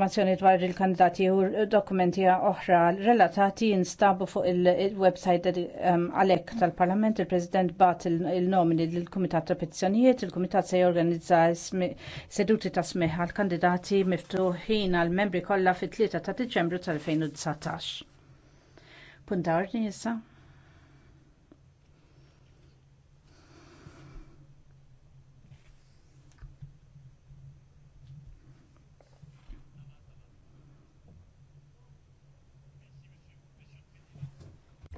informazzjoni dwar il-kandidati u dokumenti oħra relatati jinstabu fuq il-website għalek tal-Parlament il-President bat il-nomini l-Kumitat ta' Petizzjonijiet, il-Kumitat se jorganizza seduti ta' smiħ għal-kandidati miftuħin għal-membri kollha fit-3 ta' Diċembru tal-2019. Punta ordni issa?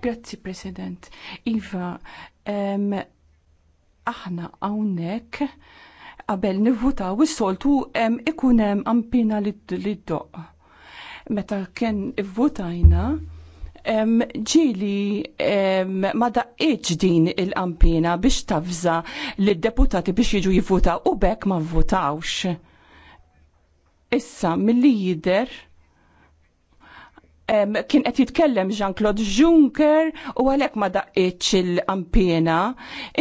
Grazzi, President. Iva, um, aħna għawnek qabel u is-soltu ikun hemm għampina lid-doq. Meta kien ivvutajna, ġili ma daqqiċ din il-qampina biex tafza li deputati biex jiġu jivvuta u bekk ma vvutawx. Issa, mill-li jider, kien qed jitkellem Jean-Claude Juncker u għalhekk ma daqqitx il-qampjena.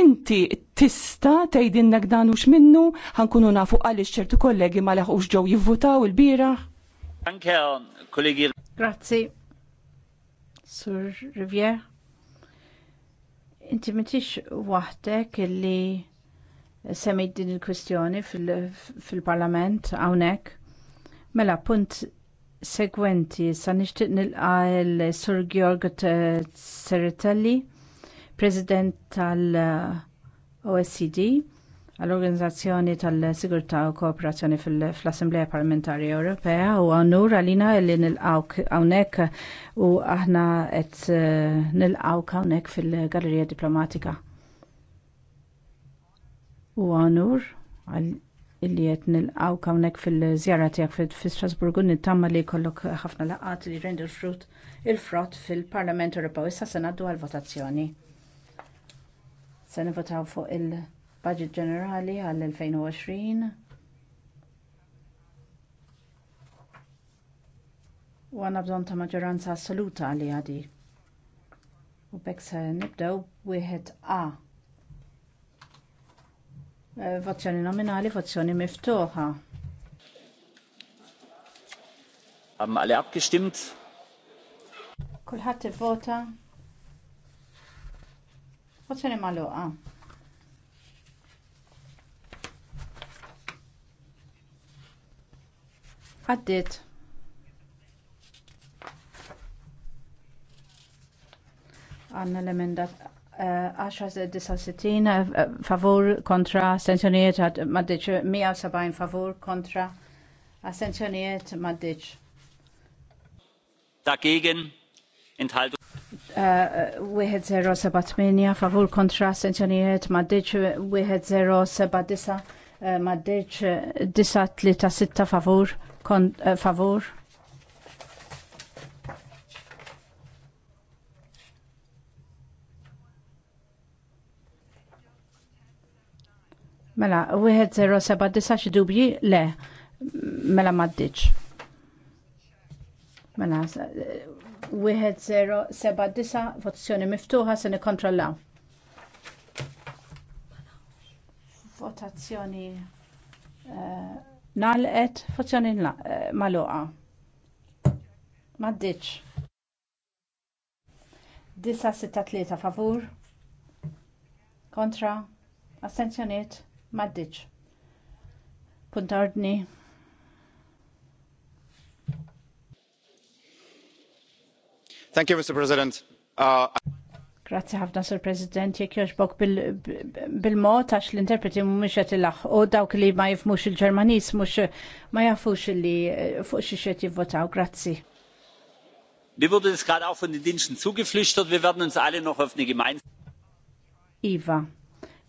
Inti tista' tgħidilna danux minnu ħankunu nafu għaliex ċertu kollegi ma leħqux ġew jivvutaw il-bira. Anke kollegi. Grazzi. Sur Rivier. Inti m'intix waħdek illi semmejt din il-kwistjoni fil-parlament fil hawnhekk. Mela punt segwenti sa nixtieq nilqa' l-Sur Georg Seretelli, President tal-OECD, għall-Organizzazzjoni tal-Sigurtà u Kooperazzjoni fl assemblea Parlamentari Ewropea u għanur għalina li nilqawk hawnhekk u aħna qed eh, nilqawk hawnhekk fil-Gallerija Diplomatika. U għanur għal illi qed nilqgħu hawnhekk fil-żjara tiegħek fi Strasburgu nittama li jkollok ħafna laqgħat li rendu frut il-frott fil-Parlament Ewropew. Issa se ngħaddu għall-votazzjoni. Se nivotaw fuq il-Budget Ġenerali għall-2020. U għandna bżonn ta' maġġoranza assoluta li għadi. U bekk se nibdew wieħed A Eh, votazzjoni nominali, votazzjoni miftuħa. Għamma Haben alle abgestimmt? Kulħadd vota. Votazzjoni maluqa. Għaddit. Għanna l-emendat 10-69 eh, eh, favur kontra astenzjonijiet maddiċ 170 favur kontra astenzjonijiet maddiċ. Dagegen enthaltung. Eh, wieħed zero seba' tminja favur kontra astenzjonijiet maddiċ wieħed zero seba' disa' maddiċ disa' tlita sitta favur favur Mela, 1079 xi dubji le, mela maddiċ. Mela, 1079 votazzjoni miftuħa se nikkontrollaw. Votazzjoni uh, nalqet, votazzjoni eh, Maddiċ. Disa' 6 963 favur kontra astenzjoniet Maddiċ. Puntardni. Thank you, Mr. President. Uh, Grazie ħafna Sir President, jek joġbok bil-mod għax l-interpreti mumiex mhumiex qed U dawk li ma jifmux il-Ġermanis mux ma jafux li eh, fuq xi xed jivvotaw. Grazie. Mir wurde das gerade auch von den Diensten zugeflüstert. Wir werden uns alle noch auf eine Gemeinschaft. Iva,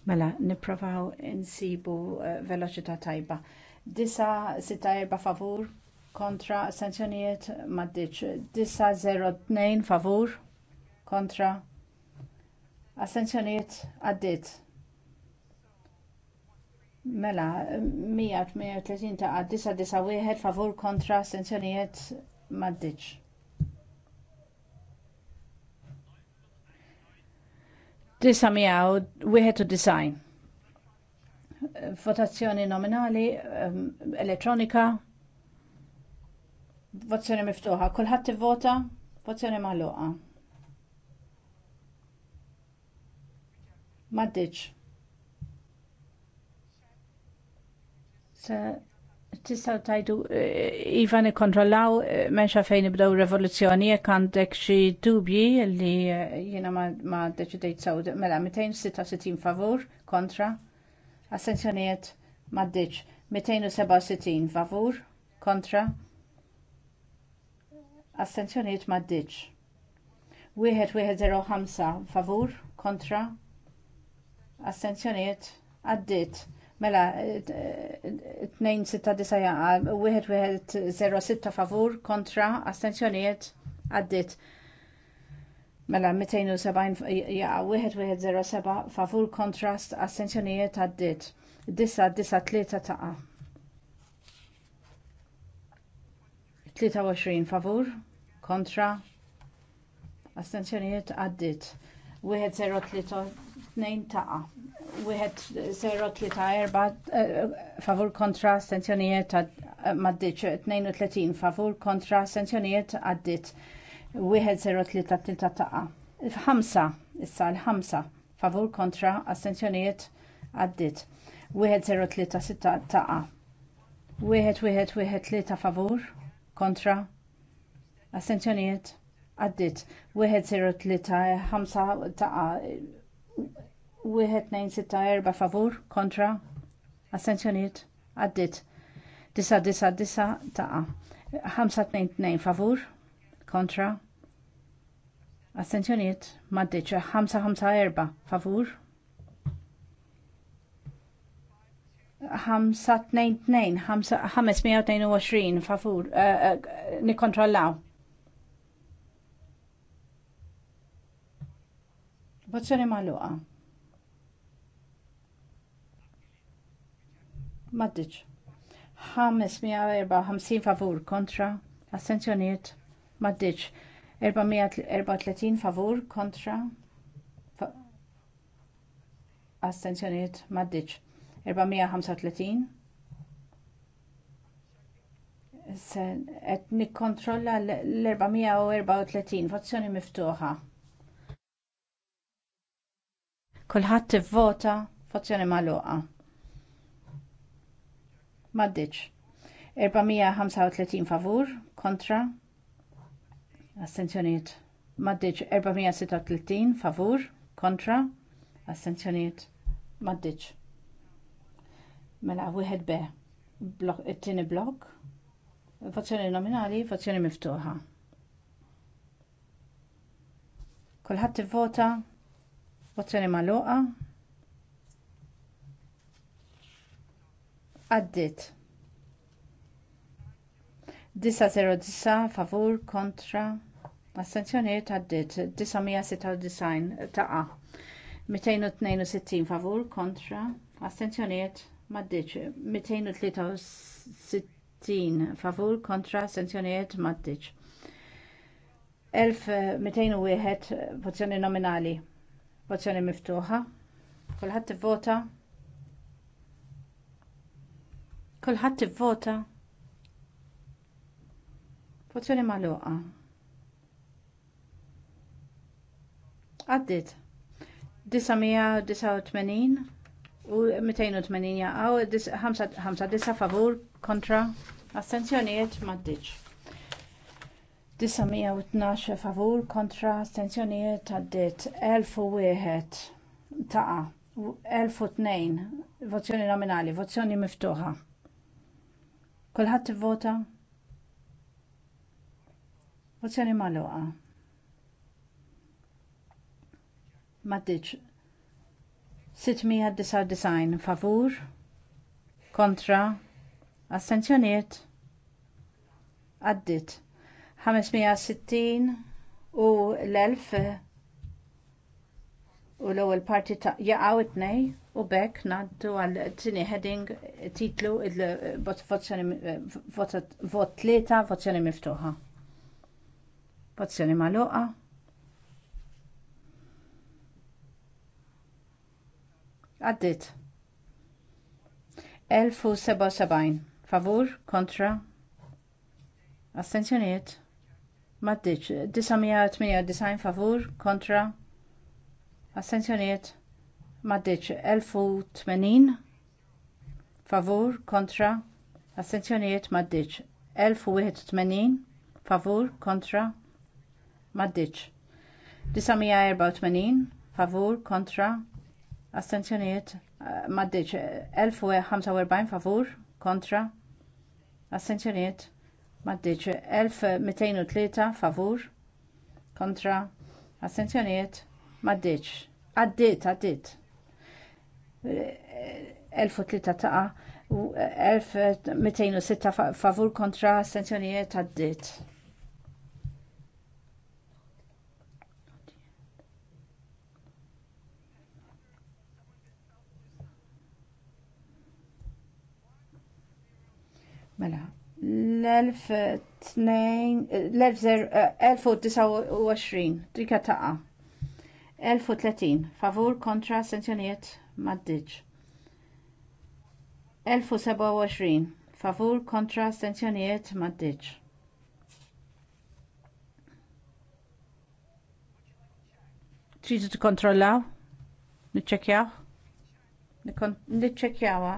Mela, nipprovaw insibu eh, veloċità tajba. Disa, sita erba favur, kontra, sanzjonijiet maddiċ. Disa, zero, tnejn favur, kontra, assenzjonijiet għaddit. Mela, 130 ta' għaddisa, disa, wieħed favur, kontra, sanzjonijiet maddiċ. 991. Votazzjoni nominali, ehm, elettronika, votazzjoni miftuħa. Kulħadd ivvota, votazzjoni magħluqa. Maddiċ. Se Tistaw tajdu, eh, Iva nikontrollaw eh, menxa fejn nibdew revoluzzjoni jekk għandek xi dubji li eh, jiena ma deċidejt sew mela 266 favur kontra, assenzjonijiet m'għaddiġ 267 favur kontra, assenzjonijiet m'għaddiġ. Wieħed wieħed 5 favur kontra, assenzjonijiet għaddit Mela, 269 0 1106 favur kontra astenzjoniet, għaddit. Mela, 270 0 1107 favur kontra astenzjoniet, għaddit. 993 taqa. 23 favur kontra astenzjonijiet għaddit. 103-2 taqa wieħed zero tlieta erba' eh, favur kontra astenzjonijiet maddiċ 32 favur kontra astenzjonijiet għaddit wieħed 0 tlieta tlieta taqa. Ħamsa issa l-ħamsa favur kontra astenzjonijiet għaddit wieħed 0 tlieta sitta taqa. Wieħed wieħed wieħed tlieta favur kontra astenzjonijiet għaddit wieħed 0 tlieta ħamsa taqa 1964 favur kontra assenzjoniet għaddit 999 taqa 522 favur kontra assenzjoniet maddiċ 554 favur 522 favur uh, uh, nikkontrollaw. Votazzjoni magħluqa. Maddiċ. 554 favur kontra assenzjoniet maddiċ 434 favur kontra fa astenzjoniet maddiċ 435 Et nikkontrolla l-434 votazzjoni miftuħa. Kulħadd vota votazzjoni magħluqa. Maddiċ. 435 favur kontra astenzjoniet. Maddiċ 436 favur kontra astenzjoniet. Maddiċ. Mela wieħed be it-tieni blok. Votazzjoni nominali, votazzjoni miftuħa. Kulħadd ivvota, votazzjoni magħluqa. għaddiet 909 favur kontra astenzjonijiet għaddiet 996 taqa' 262 favur kontra astenzjonijiet m'għaddietx 263 favur kontra astenzjonijiet m'għaddietx 1201 votazzjoni nominali vozzjoni miftuħa kulħadd ivvota Kulħadd ivvota. Votazzjoni magħluqa. Għaddit. 989 u 280 jaqaw, 59 favur kontra astenzjonijiet maddiċ. 912 favur kontra astenzjonijiet għaddit 1001 taqa 1002 vozzjoni nominali, vozzjoni miftuħa. Kulħadd ivvota? Votazzjoni magħluqa. M'għaddiġ. 699 favur kontra astenzjonijiet għaddit 560 u l-1000 u l-ewwel parti ta' jaqgħu it-tnej u bekk ngħaddu għal tieni heading titlu vot tlieta votazzjoni miftuħa. Votazzjoni magħluqa. Għaddit. 1077 favur kontra astenzjonijiet. Maddiċ 998 favur kontra Assenzjonijiet maddiċ 1080 favur kontra assenzjonijiet maddiċ 1081 favur kontra maddiċ 984 favur kontra assenzjonijiet maddiċ 1045 favur kontra assenzjonijiet maddiċ 1203 favur kontra Assenzjoniet 1205 favur assenzjonijiet ddeċ. Għaddit, għaddit. 1003 taqa, 1206 favur kontra sanzjonijiet għaddit. Mela, l-1029, eh, trika taqa. 1030 favur kontra sanzjonijiet mad m'għaddiġ 1027 favur kontra sanzjonijiet mad m'għaddiġ Tridu t-kontrollaw? Nitċekjaw? Nitċekjaw.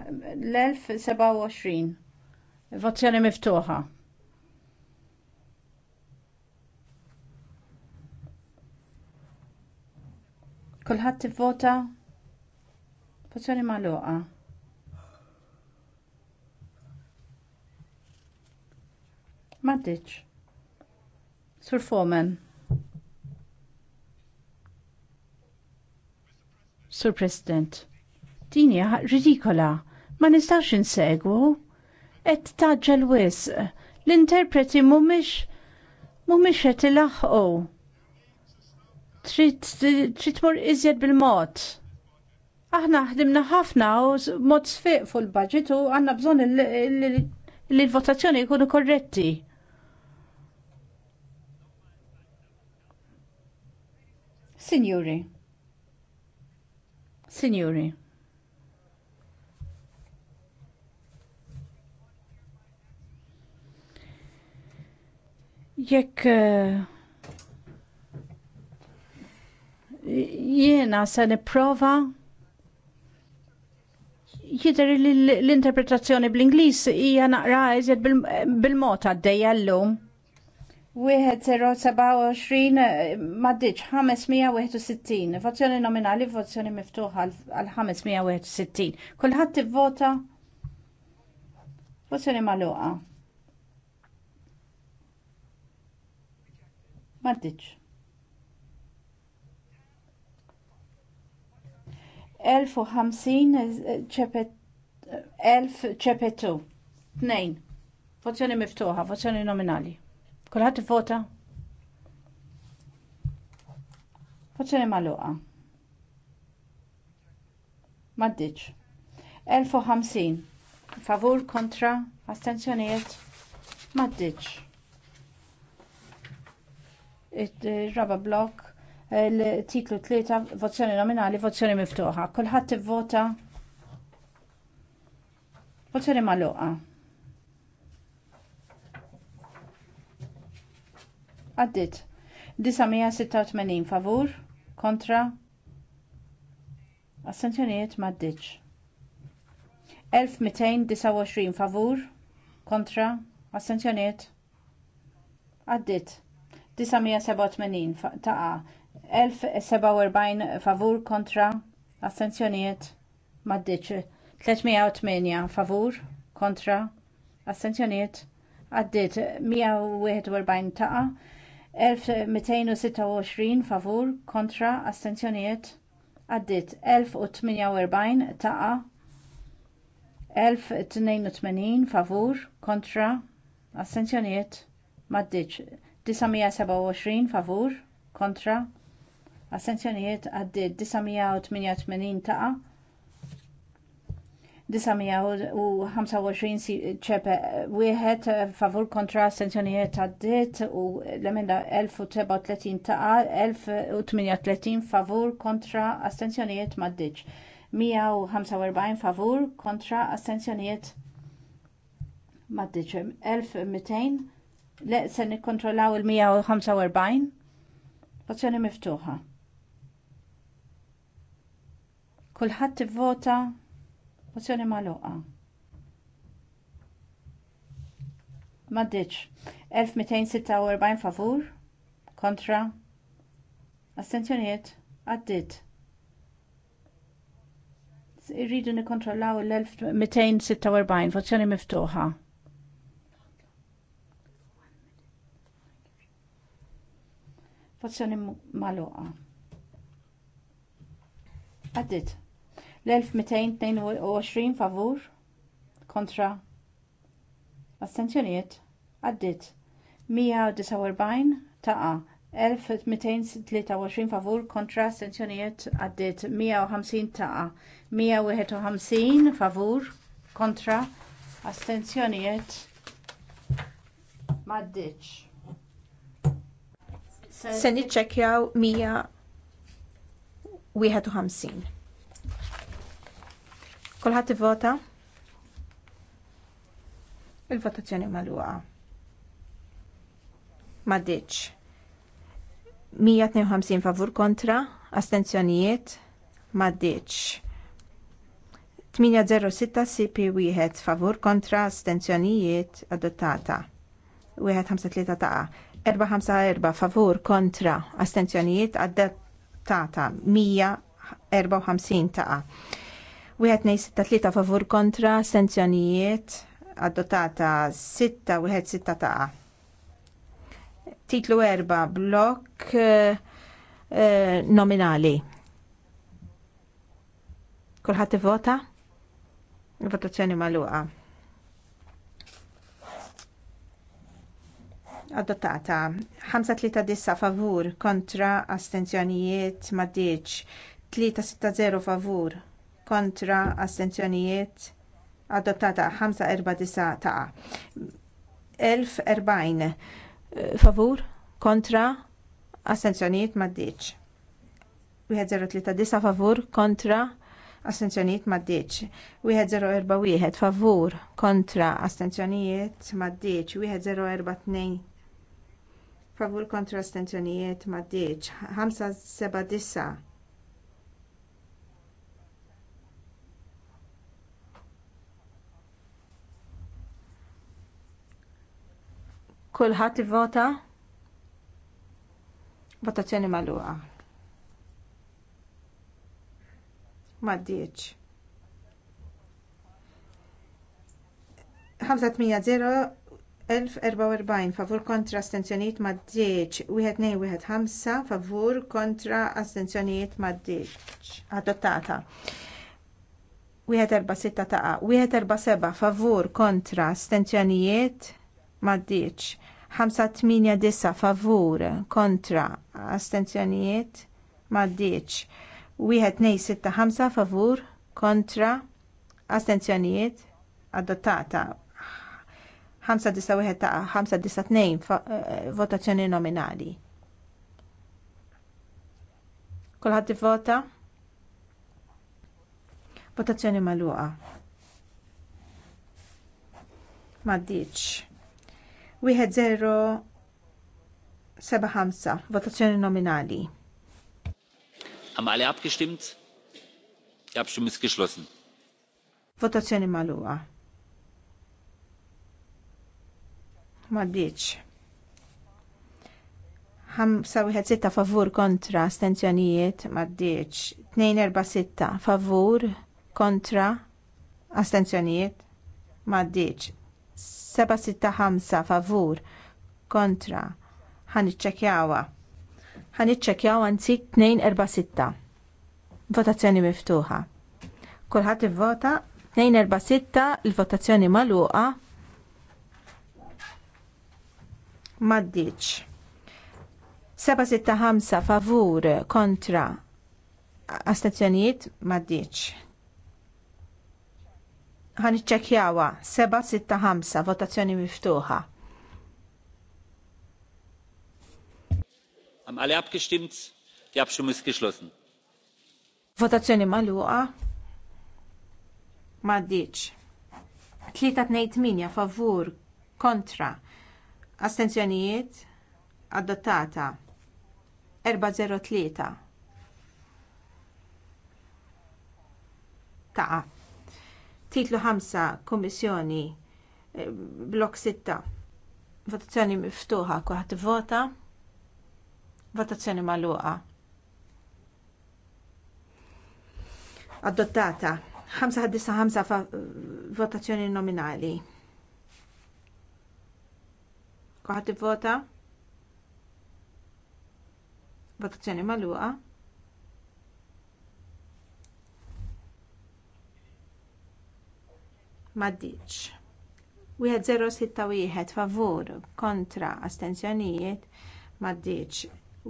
l-1027 Votazzjoni miftuħa. Kulħadd tivvota votazzjoni magħluqa. M'għaddiġ. Sur Fomen. Sur President, din hija ridikola. Ma nistax insegwu. Qed taġġel wisq. L-interpreti mhumiex mhumiex qed ilaħħqu trid tmur iżjed bil-mod. Aħna ħdimna ħafna u mod sfiq fuq il-budget u għandna bżonn li l-votazzjoni jkunu korretti. Signori. Signori. Jekk uh Jiena se nipprova jider li l-interpretazzjoni bl-Inglis hija naqra eżed bil-mod għaddejja llum. Wieħed 027 eh, maddiċ 561, votazzjoni nominali, votazzjoni miftuħa għal 561. Kulħadd tivvota votazzjoni magħluqa. Maddiċ. 1050 eh, ċepetu. Eh, Tnejn. Votazzjoni miftuħa, votazzjoni nominali. Kulħadd vota? Votazzjoni maluqa. Maddiċ. 1050. Favur kontra astenzjoniet. Maddiċ. il eh, raba blok l-titlu 3 vozzjoni nominali, vozzjoni miftuħa. Kulħadd ivvota vozzjoni magħluqa. Għaddit. 986 favur, kontra, assenzjonijiet maddiċ. 1229 favur, kontra, assenzjonijiet għaddit. 987 taqa' 1047 favur kontra astenzjonijiet maddiċ 308 favur kontra astenzjonijiet għaddit 141 taqa 1226 favur kontra astenzjonijiet għaddit 1048 taqa 1082 favur kontra astenzjonijiet maddiċ 927 favur kontra Assenzjonijiet għaddit 988 taqa. 925 ċepe wieħed favur kontra assenzjonijiet għaddit u l-emenda 1037 taqa 1038 favur kontra assenzjonijiet maddiċ. 145 favur kontra assenzjonijiet maddiċ. 1200 le se nikkontrollaw il-145 Votazzjoni miftuħa. Kulħadd ivvota mozzjoni magħluqa. M'għaddiċ. 1246 favur kontra astenzjoniet, għaddit. Irridu nikkontrollaw l-1246 votazzjoni miftuħa. Votazzjoni magħluqa. Għaddit l-1222 favur kontra l-astenzjoniet għaddit 149 taqa' 1223 favur kontra astenzjoniet għaddit 150 taqa' 151 favur kontra astenzjoniet m'għaddietx. Se niċċekkjaw 151. Kulħadd vota? Il-votazzjoni magħluqa. Ma ditx. 152 favur kontra, astenzjonijiet, ma ditx. 806 CP1 favur kontra astenzjonijiet adottata. 153 taqa. 454 favur kontra astenzjonijiet adottata. 154 taqa. Wieħed nej sitta favur kontra astenzjonijiet adottata sitta wieħed sitta taqa. Titlu erba' blok eh, eh, nominali. Kulħadd ivota? Il-votazzjoni magħluqa. adottata 539 favur kontra astenzjonijiet maddiċ 3-6-0 favur kontra astenzjonijiet adottata 549 taqa. 1040 eh, favur kontra astenzjonijiet maddiċ. 1039 favur kontra astenzjonijiet maddiċ. 1041 favur kontra astenzjonijiet maddiċ. 1042 favur kontra astenzjonijiet maddiċ. 579 Kulħadd ivvota? Votazzjoni magħluqa. Maddiċ. 500-1044 favur kontra ma maddiċ. 1215 favur kontra astenzjonijiet maddiċ. Adottata. 146 taqa. 147 favur kontra astenzjonijiet maddiċ 589 favur kontra astenzjonijiet maddiċ 1265 favur kontra astenzjonijiet adottata 5 ta' 592 eh, votazzjoni nominali. Kulħadd ivvota? Votazzjoni magħluqa. M'għaddiċ. 1075 votazzjoni nominali. Haben alle abgestimmt? Die Abstimmung ist geschlossen. Votazzjoni magħluqa. Maddiċ. 5-1-6 favur kontra astenzjonijiet maddiċ. 2-4-6 favur kontra astenzjonijiet maddiċ. 765 favur kontra ħan iċċekjawha. Ħan iċċekjaw anzi 246. Votazzjoni miftuħa. Kulħadd ivvota 246 il-votazzjoni magħluqa m'għaddiċ. 765 favur kontra astazzjonijiet m'għaddiċ ħan iċċekjawa 765 votazzjoni miftuħa. Am alle abgestimmt? Die Abstimmung ist geschlossen. Votazzjoni magħluqa. Maddiċ. 328 favur kontra astenzjonijiet adottata 403 taqa' Titlu 5 Kommissjoni eh, blok 6 votazzjoni miftuħa kwaħt vota votazzjoni magħluqa. Adottata 5-5 votazzjoni nominali. Kwaħt vota votazzjoni magħluqa. Maddiċ. 1061 favur kontra astenzjonijiet maddiċ.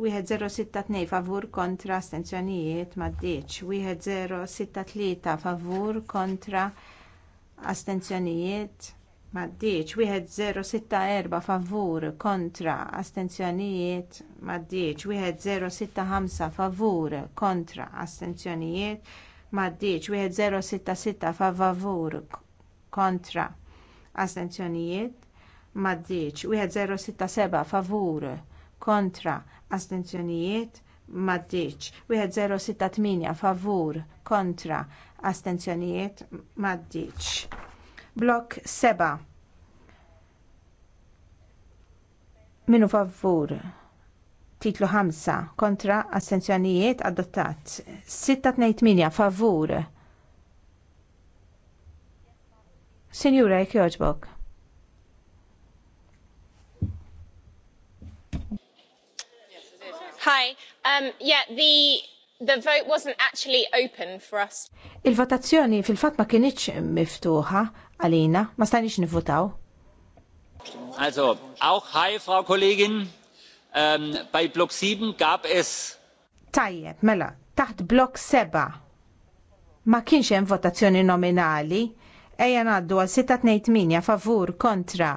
1062 favur kontra astenzjonijiet maddiċ. 1063 favur kontra astenzjonijiet maddiċ. 1064 favur kontra astenzjonijiet maddiċ. 1065 favur kontra astenzjonijiet maddiċ. 1066 favur kontra kontra astenzjonijiet maddiċ 1067 favur kontra astenzjonijiet maddiċ 1068 favur kontra astenzjonijiet maddiċ blok 7 minu favur titlu 5 kontra astenzjonijiet adottat 628 favur Sinjura, jek joġbok. Hi, um, yeah, the the vote wasn't actually open for us. Il-votazzjoni fil fat ma kienieċ miftuħa għalina, ma stajniex nivvotaw. Also, auch hi, Frau Kollegin, um, bei Block 7 gab es... Tajjeb, mela, taħt Block 7 ma kienx hemm votazzjoni nominali, Ejja naddu għal 6-2-8 favur kontra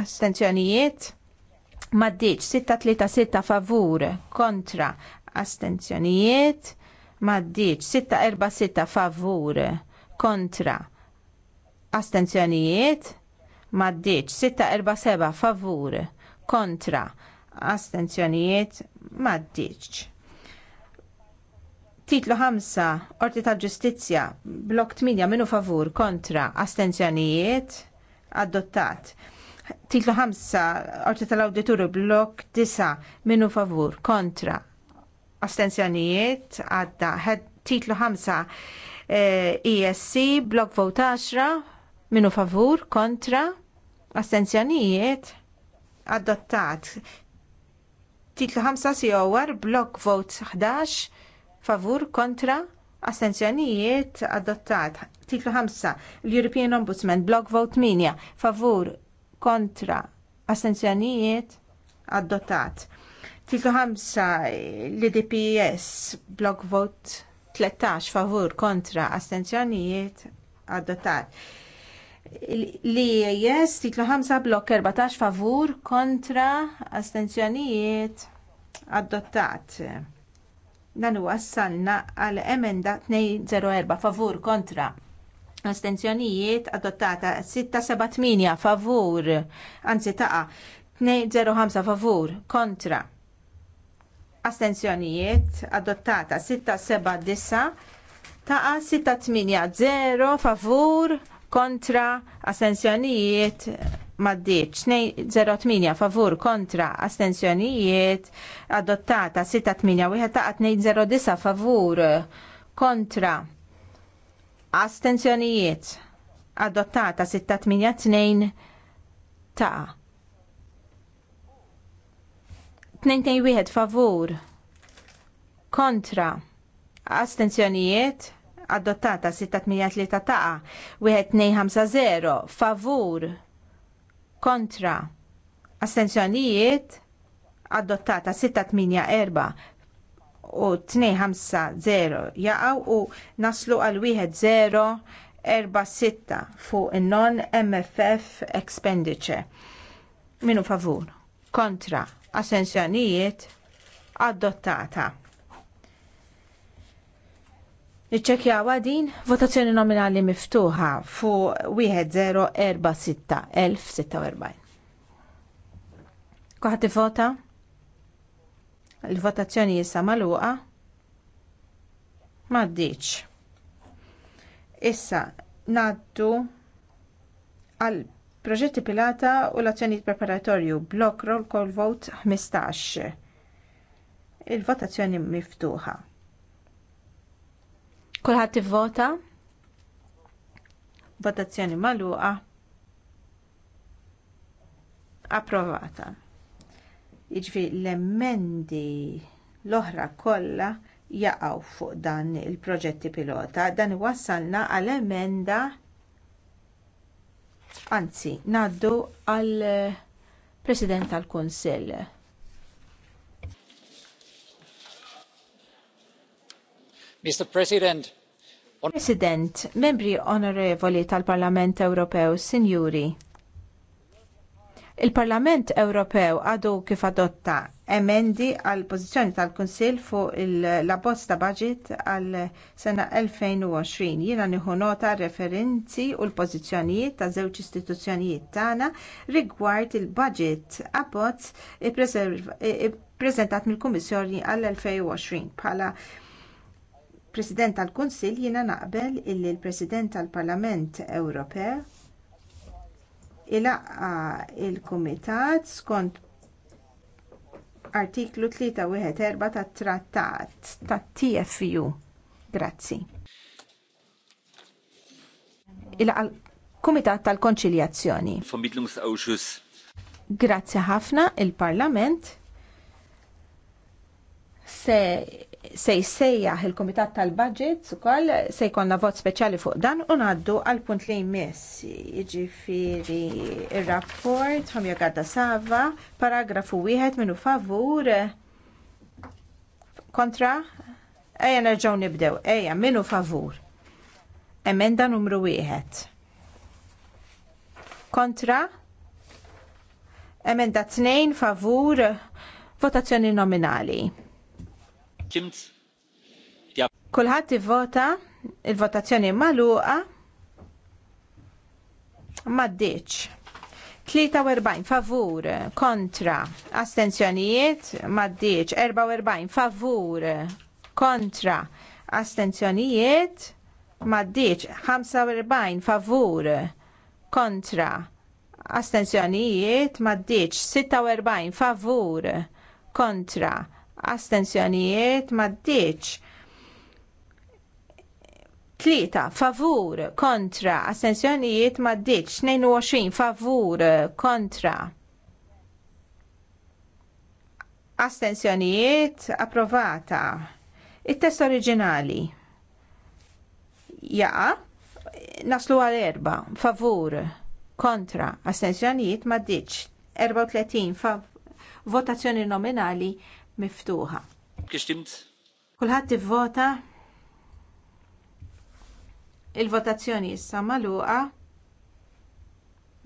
astenzjonijiet. Maddiċ 6-3-6 favur kontra astenzjonijiet. Maddiċ 6-4-6 favur kontra astenzjonijiet. Maddiċ 6-4-7 favur kontra astenzjonijiet. Maddiċ. Titlu 5, Orti tal Ġustizzja, blok 8 minu favur kontra astenzjonijiet adottat. Titlu 5, Orti tal-Awdituru, blok 9 minu favur kontra astenzjonijiet għadda. Titlu 5, ESC, eh, e blok vot 10 minu favur kontra astenzjonijiet adottat. Titlu 5 COR, blok vot 11 favur kontra astenzjonijiet adottat. Titlu 5. L-European Ombudsman Block Vote minja. Favur kontra assenzjonijiet adottat. Titlu 5. L-DPS Block Vote 13. Favur kontra astenzjonijiet adottat. l jes, titlu 5 blok 14 favur kontra astenzjonijiet adottat dan huwa sanna għal emenda 204 favur kontra astenzjonijiet adottata 678 favur anzi taqa 205 favur kontra astenzjonijiet adottata 679 taqa 680 favur kontra astensjonijiet maddiċ 208 favur kontra astensjonijiet adottata 681 ta' 209 favur kontra astensjonijiet adottata 682 ta' 221 favur kontra astensjonijiet adottata 603 taqa 1250 favur kontra astenzjonijiet adottata 684 u 250 jaqaw u naslu għal 1046 fuq in-non MFF expenditure. Minu favur kontra astenzjonijiet adottata. Niċċekjawa din votazzjoni nominali miftuħa fu 1046-1046. Kuħat vota? Il-votazzjoni jissa maluqa? Maddiċ. Issa, naddu għal proġetti pilata u l-azzjoni preparatorju blok roll call vote 15. Il-votazzjoni miftuħa. Kulħadd ivvota. Votazzjoni magħluqa. Approvata. Iġvi jiġifieri l-emendi l-oħra kollha jaqgħu fuq dan il-proġetti pilota. Dan wassalna għal emenda anzi ngħaddu għall President tal-Kunsill. Mr. President, on... President, membri onorevoli tal-Parlament Ewropew, sinjuri, il-Parlament Ewropew għadu kif adotta emendi għal pożizzjoni tal-Kunsill fuq la abbozz ta' budget għal sena 2020. Jiena nieħu nota referenzi u l-pożizzjonijiet ta' żewġ istituzzjonijiet tagħna rigward il-budget abbozz i-prezentat mill-Kummissjoni għal 2020 bħala President tal-Kunsill jiena naqbel illi l-President tal-Parlament Ewropew ilaqqa l kumitat skont artiklu 314 tat-Trattat tat-TFU. Grazzi. Ilaqqa l-Kumitat tal-Konċiljazzjoni. Grazzi ħafna il-Parlament se se jsejjaħ il-Kumitat tal-Budget ukoll se jkollna vot speċjali fuq dan u ngħaddu għal punt li jmiss jiġifieri ir-rapport Romeo Sava, paragrafu wieħed minu favur kontra ejja nerġgħu nibdew ejja minu favur. Emenda numru wieħed. Kontra Emenda tnejn favur votazzjoni nominali. Kulħadd ivvota il-votazzjoni magħluqa m'għaddiex. 43 favur kontra astenzjonijiet m'għaddiex 44 favur kontra astenzjonijiet m'għaddiex 45 favur kontra astenzjonijiet m'għaddiex 46 favur kontra astensjonijiet maddiċ. Tlieta favur kontra astensjonijiet maddiċ 22 favur kontra astensjonijiet approvata. It-test oriġinali jaqa naslu għal erba favur kontra astensjonijiet maddiċ 34 fav votazzjoni nominali miftuħa. Kistimt? Kulħadd ivvota. Il-votazzjoni issa magħluqa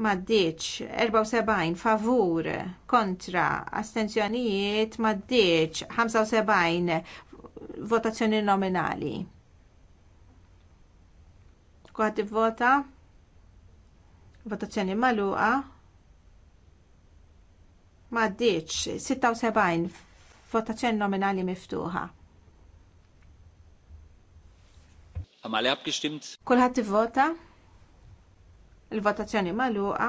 maddiċ 74 favur kontra astenzjonijiet maddiċ 75 votazzjoni nominali. Kwaħt vota votazzjoni maluqa maddiċ 76 votazzjoni nominali miftuħa. Haben alle abgestimmt? Kulħadd vota Il-votazzjoni magħluqa.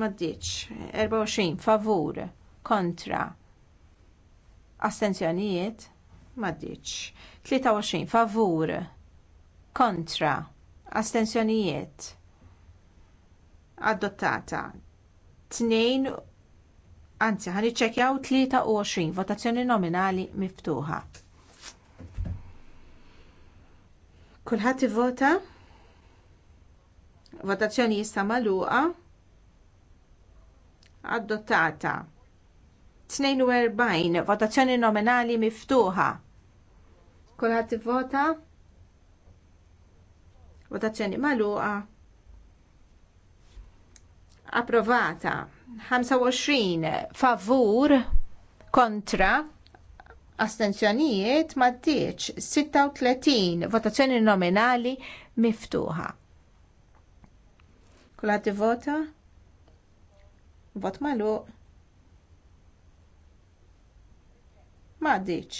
Ma ddiċ. 24 favur kontra astenzjonijiet ma ddiċ. 23 favur kontra astenzjonijiet adottata. 2 Anzi, ħan iċċekjaw 23 votazzjoni nominali miftuħa. Kulħadd vota, Votazzjoni issa magħluqa. Adottata. 42 votazzjoni nominali miftuħa. Kulħadd vota, Votazzjoni magħluqa. Approvata. 25 favur kontra astenzjonijiet ma tiċ 36 votazzjoni nominali miftuħa. Kulħadd Vota Vot magħluq. Ma ddiċ.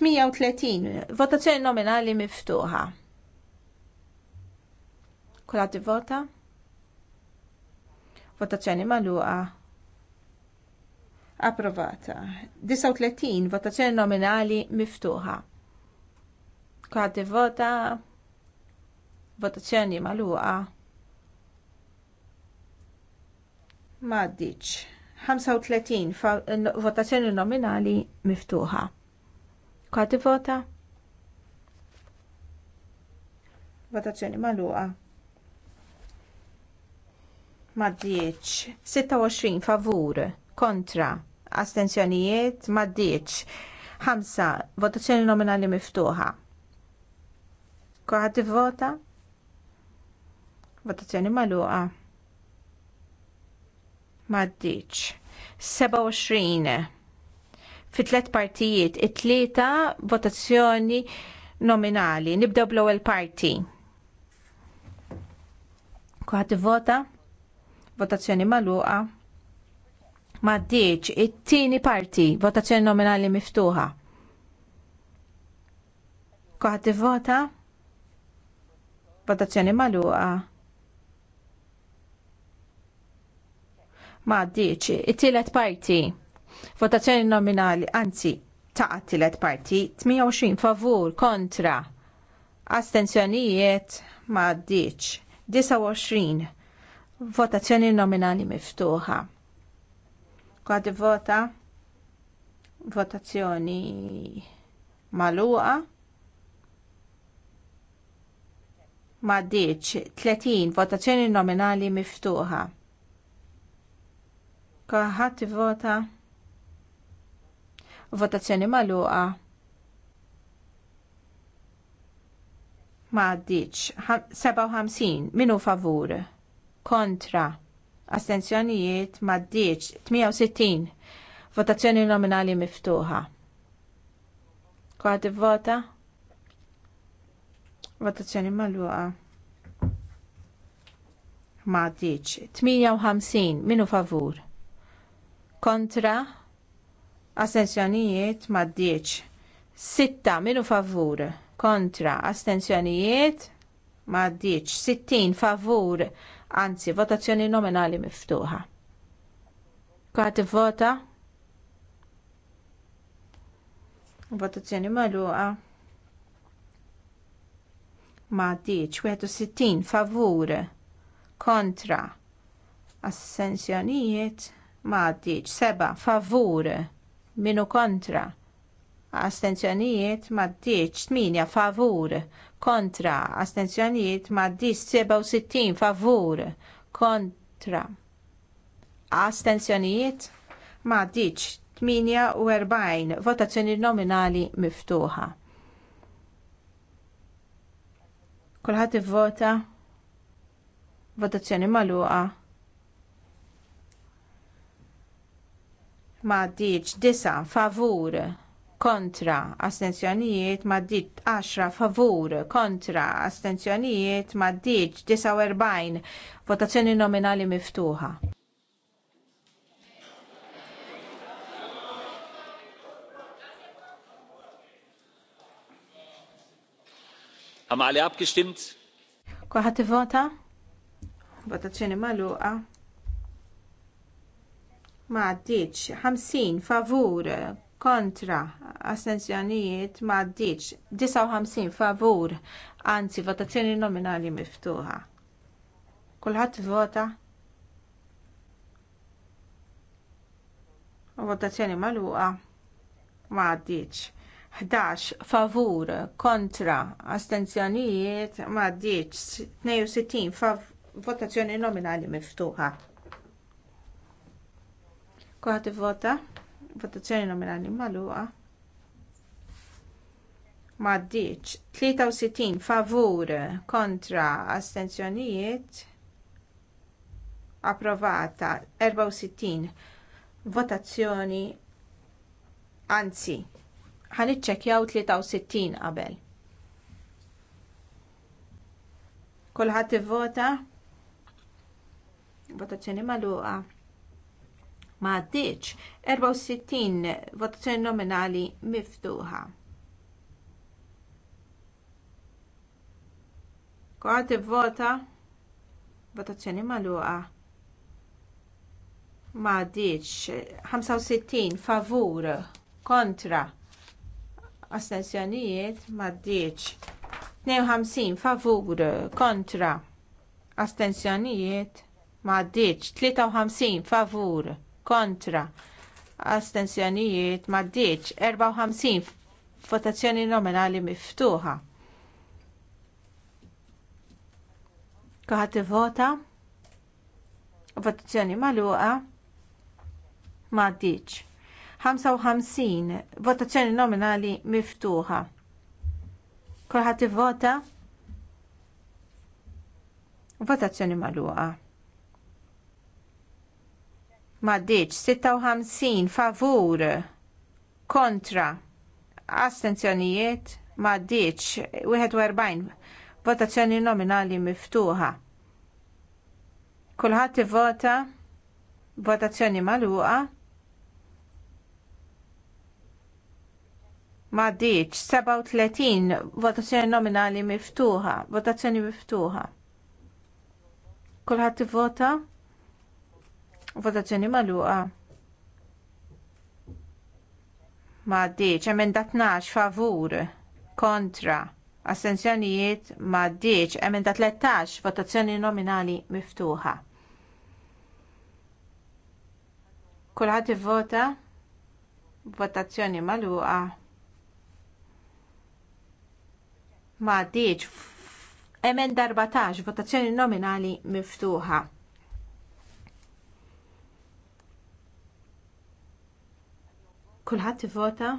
38 votazzjoni nominali miftuħa. Kulħadd ivota? vota? votazzjoni magħluqa approvata. 39 votazzjoni nominali miftuħa. Kadi vota votazzjoni magħluqa Maddiċ. 35 votazzjoni nominali miftuħa. Kadi vota votazzjoni magħluqa maddiċ 26 favur kontra astenzjonijiet maddiċ 5 votazzjoni nominali miftuħa Kuħat vota votazzjoni magħluqa maddiċ 27 fi tliet partijiet it-tlieta votazzjoni nominali nibdew bl-ewwel parti kuħat vota votazzjoni magħluqa m'għaddiex it-tieni parti votazzjoni nominali miftuħa. Koħat ivvota votazzjoni magħluqa m'għaddiex it-tielet parti votazzjoni nominali anzi taqa' tielet parti 28 favur kontra astenzjonijiet m'għaddiex 29 Votazzjoni nominali miftuħa. Kwa? vota. Votazzjoni maluqa. Ma diċ 30 votazzjoni nominali miftuħa. Kwa vota. Votazzjoni maluqa. Ma diċ 57 minu favur kontra astenzjonijiet maddiċ 68 votazzjoni nominali miftuħa Kwaħti vota votazzjoni magħluqa maddiċ 58 minu favur kontra astenzjonijiet maddiċ 6 minu favur kontra astenzjonijiet maddiċ 60 favur anzi votazzjoni nominali miftuħa. Kati vota? Votazzjoni magħluqa. Ma diċ, 61 favur kontra assenzjonijiet ma diċ, 7 favur minu kontra astenzjonijiet maddiċ 8 favur kontra astenzjonijiet maddiċ 67 favur kontra astenzjonijiet maddiċ 48 votazzjoni nominali miftuħa. Kulħadd ivvota votazzjoni magħluqa. Maddiċ 9 favur kontra astenzjonijiet maddit 10 favur kontra astenzjonijiet maddit 49 votazzjoni nominali miftuħa. Haben alle abgestimmt? Kuħat vota? Votazzjoni maluqa. Ma għaddiċ 50 favur kontra assenzjonijiet ma ddiċ 59 favur anzi votazzjoni nominali miftuħa kulħadd vota votazzjoni magħluqa ma għaddiċ 11 favur kontra astenzjonijiet ma għaddiċ 62 fav votazzjoni nominali miftuħa Kuħat vota votazzjoni nominali magħluqa Maddiċ. 63 favur kontra astenzjonijiet. Approvata. 64 votazzjoni. Anzi, ħan iċċekkjaw 63 qabel. Kulħadd ivvota? Votazzjoni magħluqa. Ma għaddiċ 64 votazzjoni nominali miftuħa. Kwaħat vota votazzjoni magħluqa. Ma diċ 65 favur kontra astensjonijiet ma diċ 52 favur kontra astensjonijiet ma diċ 53 favur kontra astensjonijiet ma diċ 54 votazzjoni nominali miftuħa. Kħat vota votazzjoni magħluqa ma diċ 55 votazzjoni nominali miftuħa. t-vota votazzjoni magħluqa. Ma diċ 56 favur kontra astenzjonijiet ma diċ 41 votazzjoni nominali miftuħa. Kulħadd ivota votazzjoni magħluqa. Ma diċ 37 votazzjoni nominali miftuħa, votazzjoni miftuħa. Kulħadd ivota votazzjoni magħluqa. Ma diċ emendat 12 favur kontra Assenzjonijiet ma' diċ. Emenda 13. Votazzjoni nominali miftuħa. Kulħadd ivvota votazzjoni magħluqa ma' diċ. Emenda 14. Votazzjoni nominali miftuħa. Kulħadd ivvota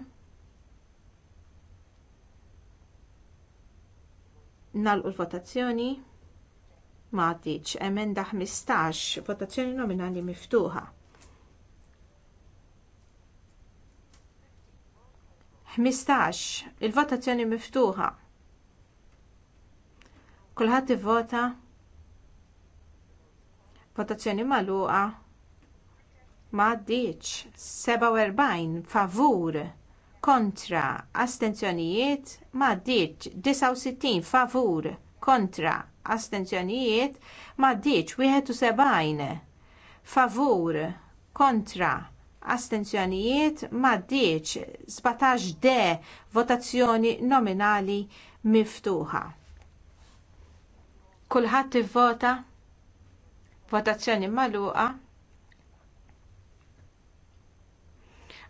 nagħlqu l-votazzjoni ma għaddiċ emenda 15 votazzjoni nominali miftuħa 15 il-votazzjoni miftuħa kulħadd ivvota votazzjoni magħluqa ma għaddiċ 47 favur kontra astenzjonijiet m'għaddietx 69 favur kontra astenzjonijiet m'għaddietx 71 favur kontra astenzjonijiet m'għaddietx 17 de votazzjoni nominali miftuħa. Kulħadd ivvota votazzjoni magħluqa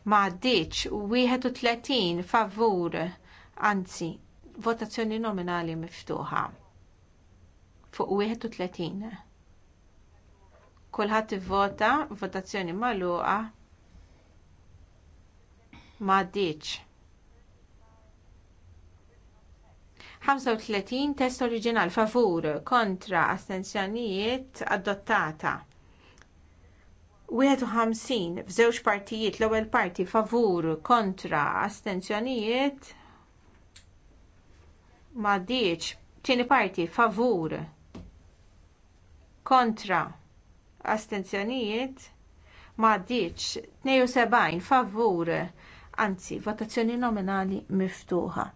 m'għaddiċ 31 favur anzi votazzjoni nominali miftuħa fuq 31 kulħadd ivvota votazzjoni magħluqa m'għaddiċ 35 test oriġinali favur kontra astensjonijiet adottata 51 f'żewġ partijiet l-ewwel parti favur kontra astenzjonijiet ma diċ tieni parti favur kontra astenzjonijiet ma diċ 72 favur anzi votazzjoni nominali miftuħa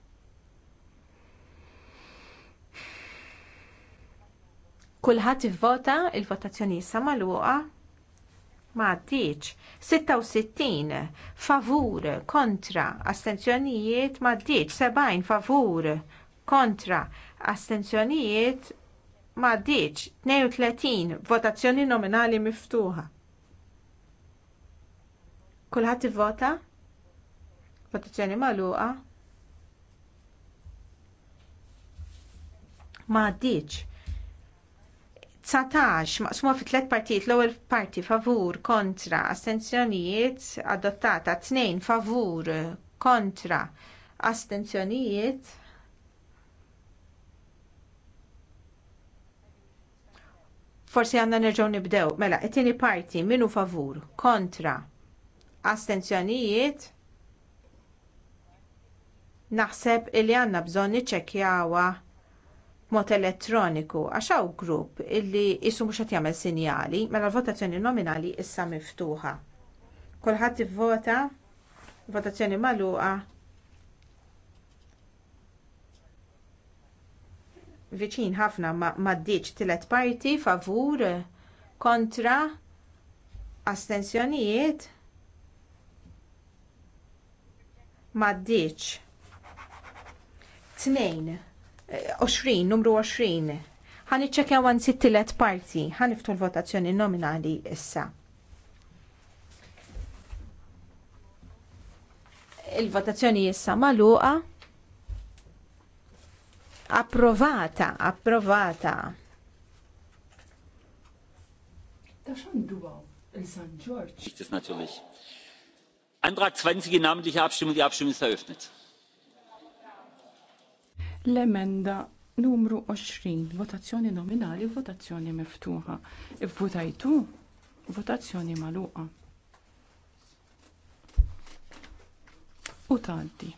kulħadd ivvota il-votazzjoni issa magħluqa m'għaddiċ. 66 favur kontra astenzjonijiet m'għaddiċ. 70 favur kontra astenzjonijiet m'għaddiċ. 32 votazzjoni nominali miftuħa. Kulħadd vota? Votazzjoni magħluqa? M'għaddiċ. 19 maqsuma fi tliet partijiet l-ewwel parti favur kontra astenzjonijiet adottata tnejn favur kontra astenzjonijiet forsi għandna nerġgħu nibdew mela it-tieni parti minu favur kontra astenzjonijiet naħseb illi għandna bżonn niċċekkjawha mod elettroniku għax hawn grupp illi isu mhux qed jagħmel sinjali mela l-votazzjoni nominali issa miftuħa. Kulħadd ivvota votazzjoni magħluqa viċin ħafna maddiċ tielet parti favur kontra astensjonijiet maddiċ tnejn 20, numru 20. Għan iċċekja għan sittilet parti, għan iftu l-votazzjoni nominali issa. Il-votazzjoni issa maluqa. Approvata, approvata. Da duwa il-San George. Antrag 20, namentliche Abstimmung, die Abstimmung ist eröffnet. L-emenda numru 20, votazzjoni nominali, votazzjoni miftuħa. Votajtu, votazzjoni magħluqa. U talti.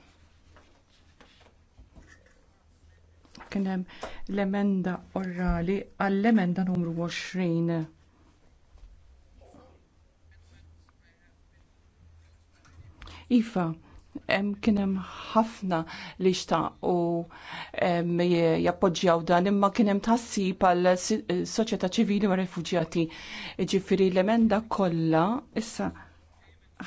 kien hemm l-emenda orrali għall-emenda numru 20. Iva, kien hemm ħafna li xtaqu jappoġġjaw dan imma kien hemm tassib għal soċjetà ċivili u refuġjati. Ġifieri l-emenda kollha issa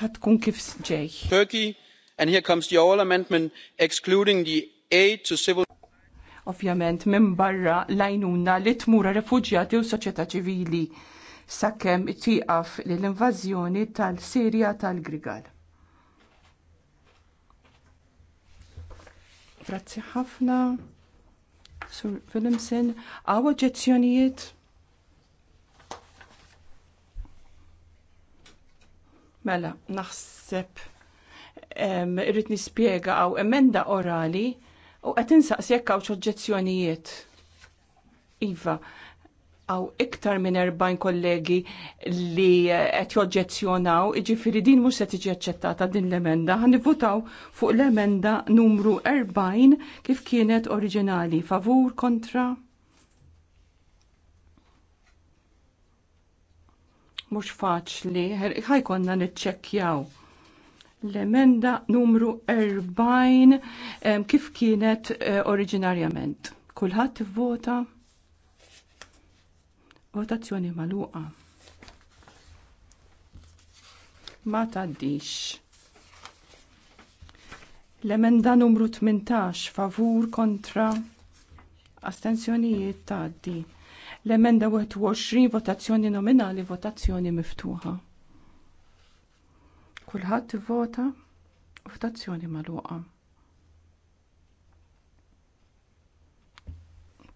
ħatkun kif ġej. Turkey and here comes the all amendment excluding the aid to civil Ovvjament minn barra lajnuna li tmura refuġjati u soċjetà ċivili sakemm tieqaf l-invażjoni tal-Sirja tal-Grigal. Grazzi ħafna. Sur Willemsen, għaw oġezzjonijiet? Mela, naħseb irrit nispiega għaw emenda orali u għatinsaqs jekk għaw oġezzjonijiet. Iva, għaw iktar minn erbajn kollegi li qed joġġezzjonaw, jiġifieri din mhux se tiġi aċċettata din l-emenda. għan nivvutaw fuq l-emenda numru 40 kif kienet oriġinali. Favur kontra? Mhux faċli, ħajkonna niċċekkjaw. L-emenda numru 40 kif kienet eh, oriġinarjament. Kulħadd ivvota? Votazzjoni magħluqa. Ma tgħaddix. L-emenda numru 18 favur kontra astensjonijiet tgħaddi. L-emenda 21 votazzjoni nominali votazzjoni miftuħa. Kulħadd ivvota votazzjoni magħluqa.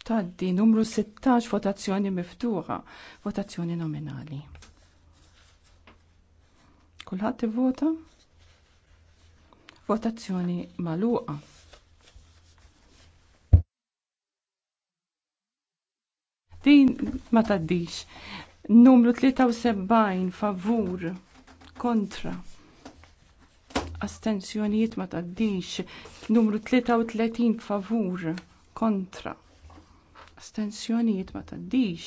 taddi numru 16 votazzjoni miftuħa, votazzjoni nominali. Kulħadd ivvota? Votazzjoni magħluqa. Din ma taddix. Numru 73 favur kontra. Astenzjonijiet ma taddix. Numru 33 favur kontra astensjonijiet ma taddix.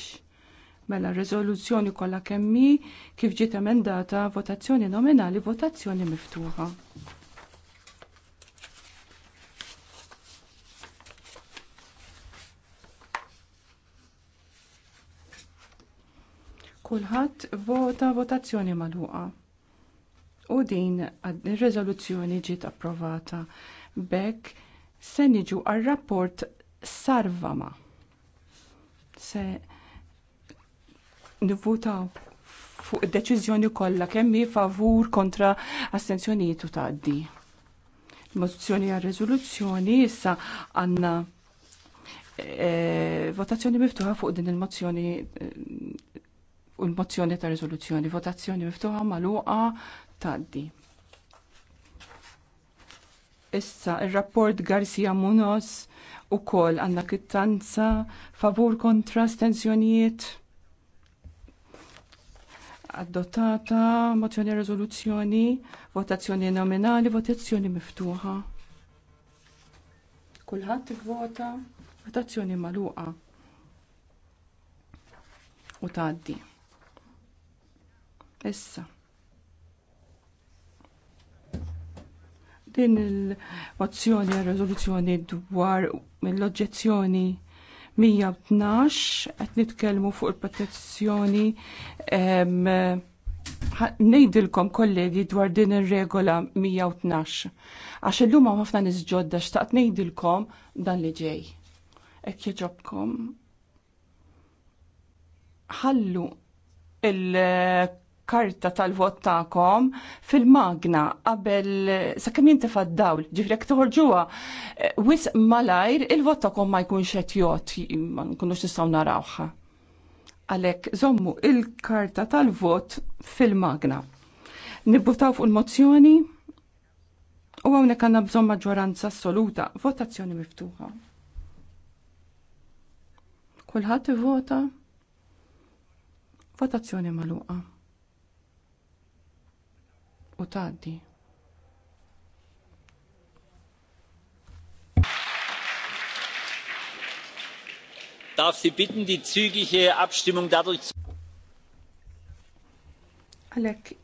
Mela r-riżoluzzjoni kollha kemmi kif ġiet emendata votazzjoni nominali votazzjoni miftuħa. Kulħadd vota votazzjoni magħluqa. U din ir-riżoluzzjoni ġiet approvata. Bekk se niġu għar-rapport Sarvama se nivvutaw fuq id-deċiżjoni kollha kemm hi favur kontra astenzjonijiet u tgħaddi. Mozzjoni għal riżoluzzjoni issa għandna e, votazzjoni miftuħa fuq din il-mozzjoni e, u l-mozzjoni ta' riżoluzzjoni. Votazzjoni miftuħa magħluqa tgħaddi. Issa ir-rapport Garcia Munoz u kol għanna kittanza favur kontra stenzjonijiet adottata mozzjoni e rezoluzzjoni votazzjoni nominali votazzjoni miftuħa kulħadd vota, votazzjoni magħluqa u tgħaddi issa din il-mozzjoni rezoluzzjoni dwar l-oġġezzjoni 112 qed nitkellmu fuq il-protezzjoni Nejdilkom kollegi dwar din ir-regola 112. Għax illum hawn ħafna nies ġodda xtaqt ngħidilkom dan li ġej. Hekk jeġobkom? Ħallu il karta tal-vot ta'kom fil-magna qabel sakemm jintefa' d-dawl, ġifrek toħorġuha eh, wis malajr il-vot ta'kom ma jkunx qed jgħod ma nkunux nistgħu narawha. Għalhekk żommu il-karta tal-vot fil-magna. Nibbutaw fuq il-mozzjoni u hawnhekk għandna bżonn maġġoranza assoluta, votazzjoni miftuħa. Kulħadd ivota votazzjoni magħluqa u tgħaddi. Darf bitten, zügige Abstimmung dadurch zu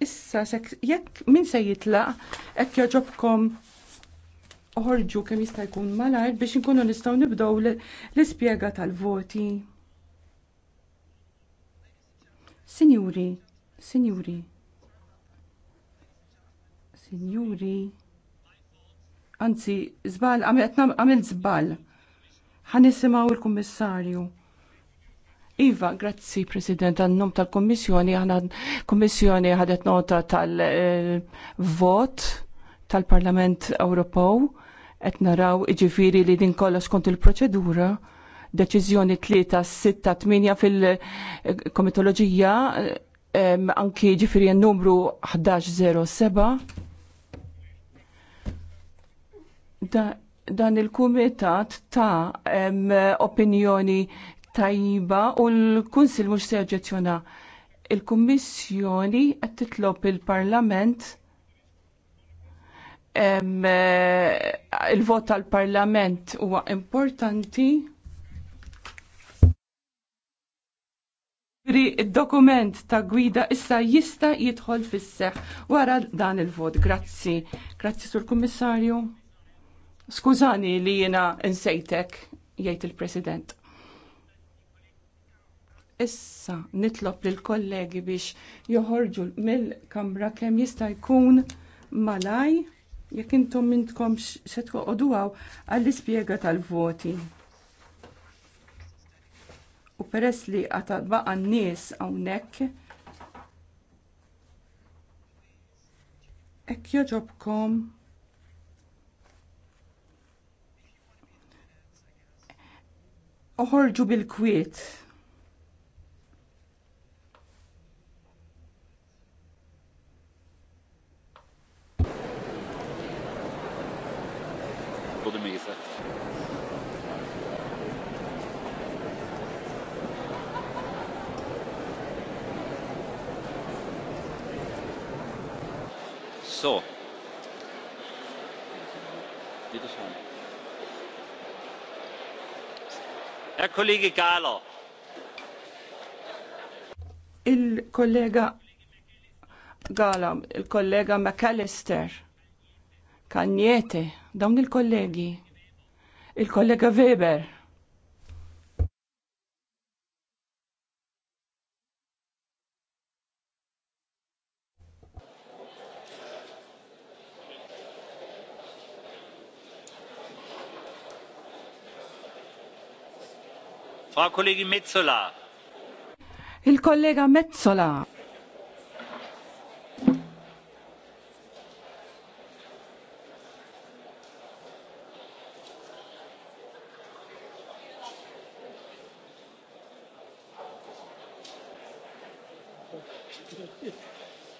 issa, jekk min se jitlaq, jekk joġobkom oħorġu kemm jista' jkun malajr biex inkunu nistgħu nibdew l-ispjega tal-voti. Sinjuri, sinjuri. Signori, anzi, zbal, għamil zbal. Ħanisimaw il-Kummissarju. Iva, grazzi President, għannum tal-Kommissjoni, għana Kommissjoni ħadet nota tal-vot tal-Parlament Ewropew, qed naraw iġifiri li din kollox skont il-proċedura, deċizjoni 3-6-8 fil-komitologija, anki ġifiri n-numru 1107, da, dan il-kumitat ta' em, opinjoni tajba u l-Kunsil mhux se Il-Kummissjoni qed titlob il-Parlament eh, il-vot tal-Parlament huwa importanti id-dokument ta' gwida issa jista' jidħol fis-seħħ wara dan il-vot. Grazzi. Grazzi sur Kummissarju. Skużani li jiena insejtek, jgħid il-President. Issa nitlob lil kollegi biex joħorġu mill-kamra kemm jista' jkun malaj jekk intom mintkom se għaw għall-ispjega tal-voti. U peress li għata baqa n-nies hawnhekk hekk joġobkom oħorġu bil-kwiet. So. Bitte schön. il-kollegi Kalo. Il-kollega Gala, il-kollega McAllister, Kanjete, dawn il-kollegi, il-kollega Weber. kollegi Metzola. Il-kollega Metzola.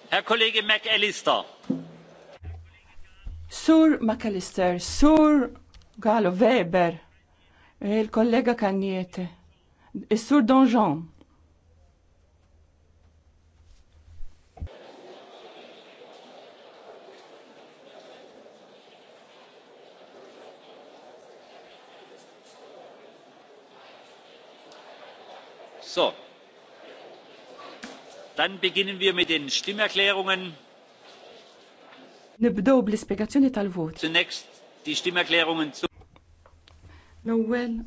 Herr Kollege McAllister. Sur McAllister, Sur Gallo Weber, il-kollega Kanniete. Is-Sur Donjon. So, dann beginnen wir mit den Stimmerklärungen. Nibdow bl-ispjegazzjoni tal-vot. Zunächst die Stimmerklärungen zu. L-ewwel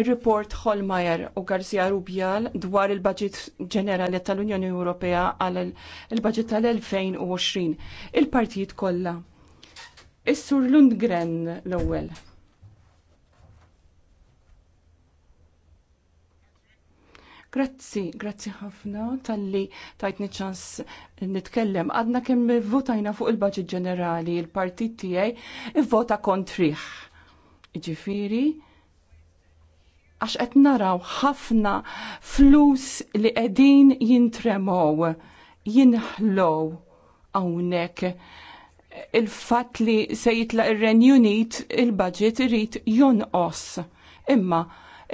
Il-report Holmeyer u Garzia Rubjal dwar il-budget ġenerali tal-Unjoni Ewropea għal il-budget tal-2020. Il-partijiet kollha. Is-Sur Lundgren l-ewwel. Grazzi, grazzi ħafna tal-li tajtni ċans nitkellem. Għadna kemm votajna fuq il-budget ġenerali, il-partit tiegħi ivvota kontriħ. Ġifiri, għax qed naraw ħafna flus li qegħdin jintremow, jinħlow hawnhekk. Il-fatt li se jitlaq ir-Renju Unit il-budget irid jonqos. Imma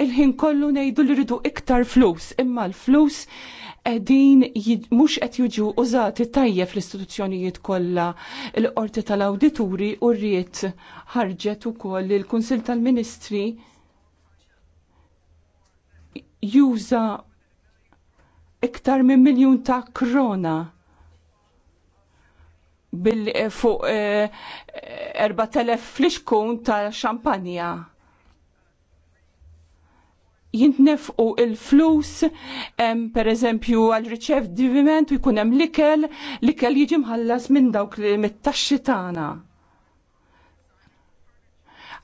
il-ħin kollu ngħidu li rridu iktar flus, imma l-flus qegħdin mhux qed jiġu użati tajjeb fl-istituzzjonijiet kollha il qorti tal-awdituri u rrid ħarġet ukoll il-Kunsil tal-Ministri juża iktar minn miljun ta' krona bil eh, fuq 4000 eh, fliskun ta' xampanja. Jintnefqu il-flus, per eżempju, għal-riċev diviment u jkun hemm l-ikel, l-ikel jiġi mħallas minn dawk li mit-taxxi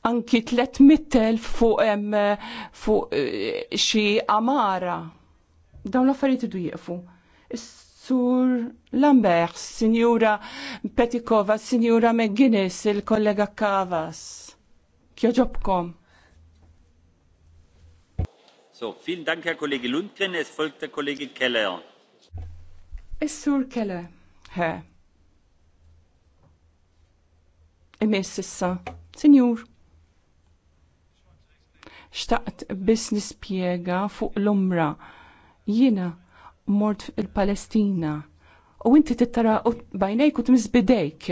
anki 300.000 fuq fuq eh, xi amara. Dawn l-affarijiet idu jieqfu. Sur Lambert, Signora Petikova, Signora McGuinness, il-kollega Kavas. Kjoġobkom. So, vielen Dank, Herr Kollege Lundgren. Es folgt der Kollege Keller. Es sur Keller. He. Imis issa. Sinjur xtaqt biss nispjega fuq l-umra. Jiena mort il-Palestina u inti tittara bajnejk u tmizbidejk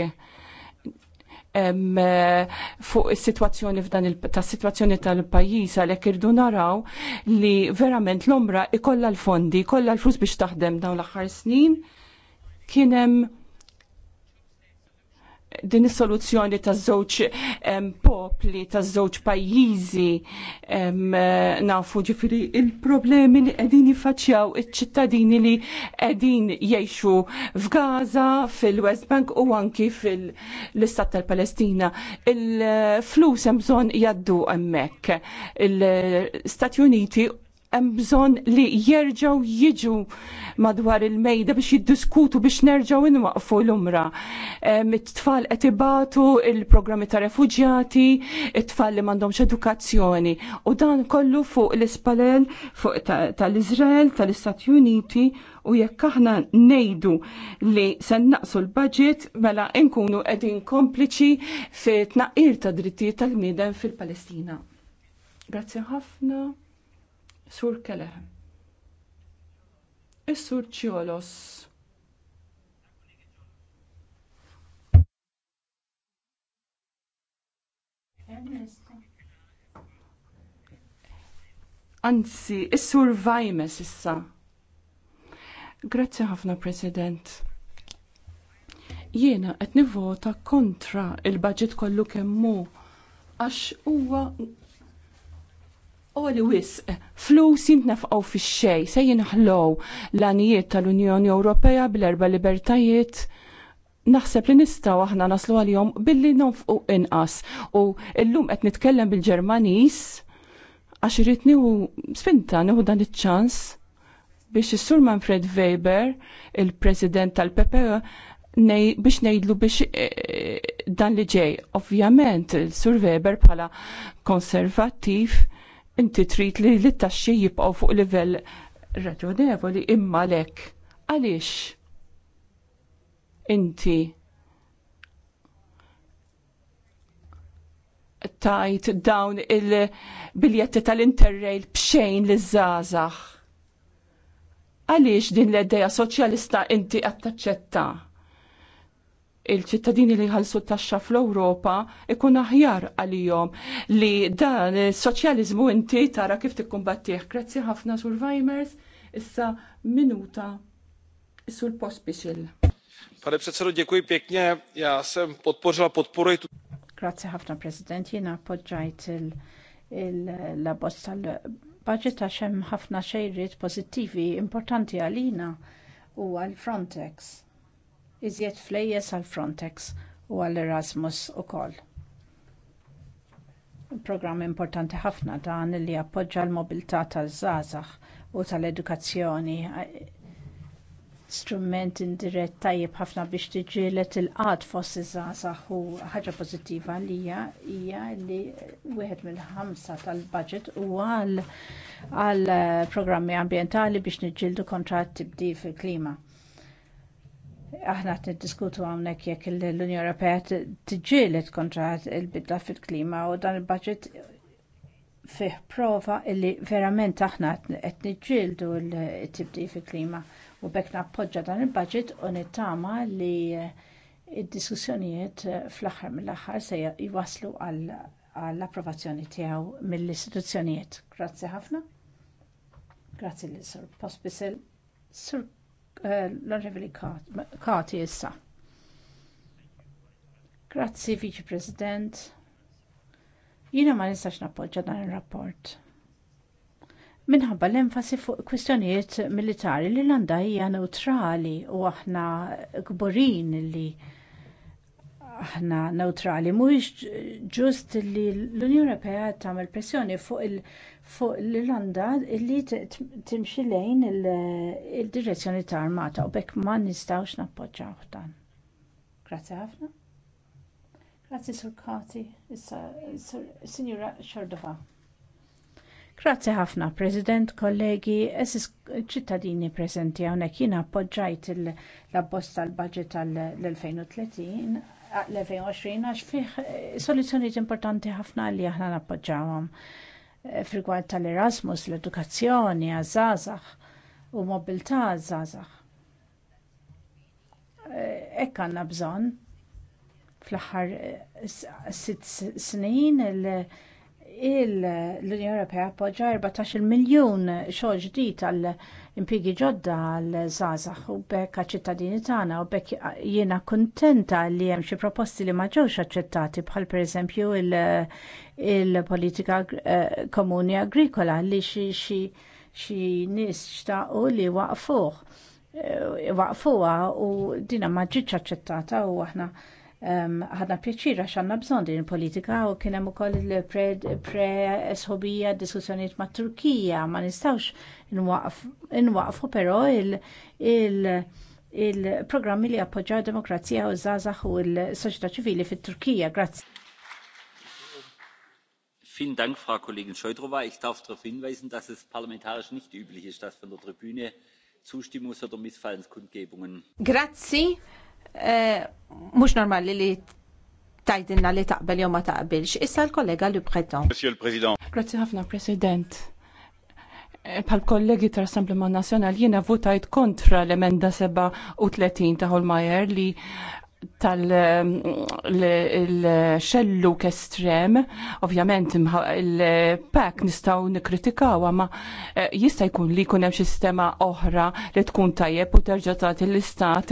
fuq is-sitwazzjoni f'dan tas-sitwazzjoni tal-pajjiż għalhekk irdu naraw li verament l-omra ikollha l-fondi, ikollha l-flus biex taħdem dawn l-aħħar snin kien hemm din is-soluzzjoni ta' żewġ popli, ta' żewġ pajjiżi nafu ġifiri il-problemi li qegħdin jiffaċċjaw iċ-ċittadini li qegħdin jgħixu f'Gaza, fil-West Bank u anki fil-Istat tal-Palestina. Il-flus hemm bżonn jgħaddu hemmhekk. Il-Stati Uniti hemm bżonn li jerġgħu jiġu madwar il-mejda biex jiddiskutu biex nerġgħu inwaqfu l-umra. It-tfal qed ibatu il-programmi ta' refuġjati, it-tfal li m'għandhomx edukazzjoni. U dan kollu fuq l-Ispalel, fuq tal-Iżrael, tal-Istati Uniti u jekk aħna ngħidu li se naqsu l-budget mela nkunu qegħdin kompliċi fi tnaqqir ta' drittijiet tal-miedem fil-Palestina. Grazzi ħafna. Sur Keleh. Is-Sur Ciolos. Anzi, is-Sur Vajmes issa. Grazzi ħafna, President. Jiena qed nivvota kontra il-budget kollu kemm hu għax huwa Oli wisq, flus jintnafqaw fi xej, se jinħlow l-anijiet tal-Unjoni Ewropea bil-erba libertajiet. Naħseb li nistaw aħna naslu għal-jom billi nonfqu inqas. U illum qed nitkellem bil-Ġermanis għax irrid nieħu spinta dan iċ-ċans biex is-Sur Manfred Weber, il-President tal-PPE, biex nejdlu biex e, e, dan li ġej. Ovvjament, il-Sur Weber bħala konservattiv inti trid li l-taxxi jibqgħu fuq livell raġonevoli imma lek. Għaliex inti tajt dawn il-biljetti tal-interrail bxejn li żgħażagħ Għaliex din l-idea soċjalista inti qed taċċetta? il-ċittadini li ħalsu t-taxxa fl-Ewropa ikun aħjar għalihom li dan is-soċjaliżmu inti tara kif tikkumbattih. Grazzi ħafna Survivors, issa minuta sul post biċil. Pane předsedo, děkuji pěkně. Já jsem podpořila podporuji tu... Grazie ħafna President, jina appoġġajt il-labost il, tal-budget għax hemm ħafna xejriet pożittivi importanti għalina u għal Frontex iżjed flejjes għal Frontex u għall Erasmus ukoll. Programm importanti ħafna dan li appoġġa l-mobilità tal-żgħażagħ u tal-edukazzjoni strument indirett tajjeb ħafna biex tiġielet il-qad fost iż-żgħażagħ u ħaġa pożittiva li hija li wieħed mill-ħamsa tal-budget huwa għal programmi ambjentali biex niġġieldu kontra t-tibdil fil-klima aħna qed niddiskutu hawnhekk jekk l-Unjoni Ewropea tiġġieled kontra il-bidla fil-klima u dan il-budget fih prova illi verament aħna qed niġġieldu l tibdi fil-klima u bekk nappoġġa dan il-budget u nittama li il diskussjonijiet fl-aħħar mill-aħħar se jwaslu għall-approvazzjoni tiegħu mill-istituzzjonijiet. Grazzi ħafna. Grazzi l-Sur Pospisil. Sur l-Onorevoli Kati issa. Grazzi, Viċi President. Jiena ma nistax nappoġġa dan ir-rapport. Minħabba l-enfasi fuq kwistjonijiet militari li l-għanda hija neutrali u aħna gburin li aħna neutrali. Mhuwiex ġust li l-Unjoni Ewropea tagħmel pressjoni fuq l-Irlanda li timxi lejn il-direzzjoni ta' armata u bekk ma nistgħux nappoġġaw dan. Grazzi ħafna. Grazzi Sur Kati, Signora Xordova. Grazzi ħafna, President, kollegi, essis ċittadini prezenti għonek jina appoġġajt l abbost tal-budget tal-2030 l-2020 għax fih soluzzjonijiet importanti ħafna li aħna nappoġġawhom frigward tal-Erasmus, l-edukazzjoni, għaż-żgħażagħ u mobilità għaż-żgħażagħ. Hekk għandna bżonn fl-aħħar sitt snin il- l-Unjoni Ewropea appoġġa 14 miljun xogħol ġdid għall impigi ġodda għal Zazax u bekk għaċ-ċittadini tagħna u bekk jiena kuntenta li hemm xi proposti li ma ġewx aċċettati bħal pereżempju il-politika eh, komuni agrikola li xi xi nies xtaqu li waqfuh eh, waqfuha u dinha ma ġietx aċċettata u aħna ħadna pjaċir għax għanna bżon din il-politika u kienem u koll pre sħobija diskussjoniet ma' Turkija ma nistgħux inwaqfu pero il-programmi li appoġġjaw demokrazija u zazax u l-soċjetà ċivili fit-Turkija. Grazie. Vielen Dank, Frau Kollegin Scheudrova. Ich darf darauf hinweisen, dass es parlamentarisch nicht üblich ist, dass von der Tribüne Zustimmungs- oder Missfallenskundgebungen. Grazie. Eh, mhux normali li tajdinna li taqbel jew ma taqbilx. Issa l-kollega li Breton. Monsieur le President. Grazzi ħafna, President. Eh, pal kollegi tal assemblement Nazjonal jiena votajt kontra l-emenda 37 ta' Holmajer li tal-xelluk um, estrem, ovvjament il pack nistaw nikritikaw, ma eh, jista' jkun li jkun hemm sistema oħra li tkun tajjeb u terġa' tagħti l-istat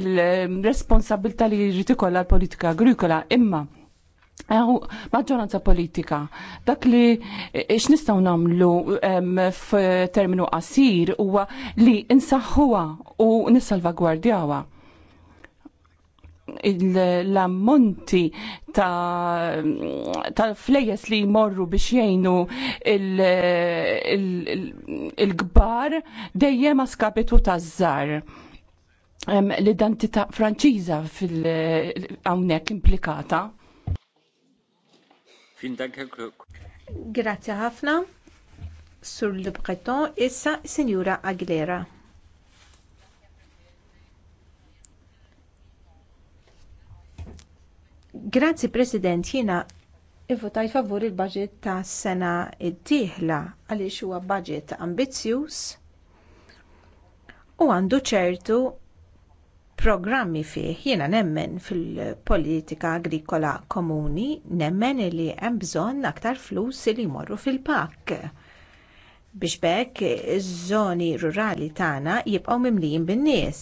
il-responsabilità li jrid ikollha l-politika agrikola imma Għaw, eh, maġġoranza politika, dak li ix eh, nistaw namlu f'terminu qasir huwa li insaħħuha u nissalvagwardjawa l-ammonti tal-flejes li jmorru biex jgħinu il-gbar dejjem askapitu taż-żar l-identità franċiża fil-hawnhekk implikata. Grazie ħafna. Sur Le Breton, issa Signora Aguilera. Grazzi President, jiena Ivvotajt favur il-budget ta' sena d-dieħla għaliex huwa budget ambizzjuż u għandu ċertu programmi fih. Jiena nemmen fil-politika agrikola komuni, nemmen li hemm bżonn aktar flus li jmorru fil-pakk biex bekk iż-żoni rurali tagħna jibqgħu mimlijin bin-nies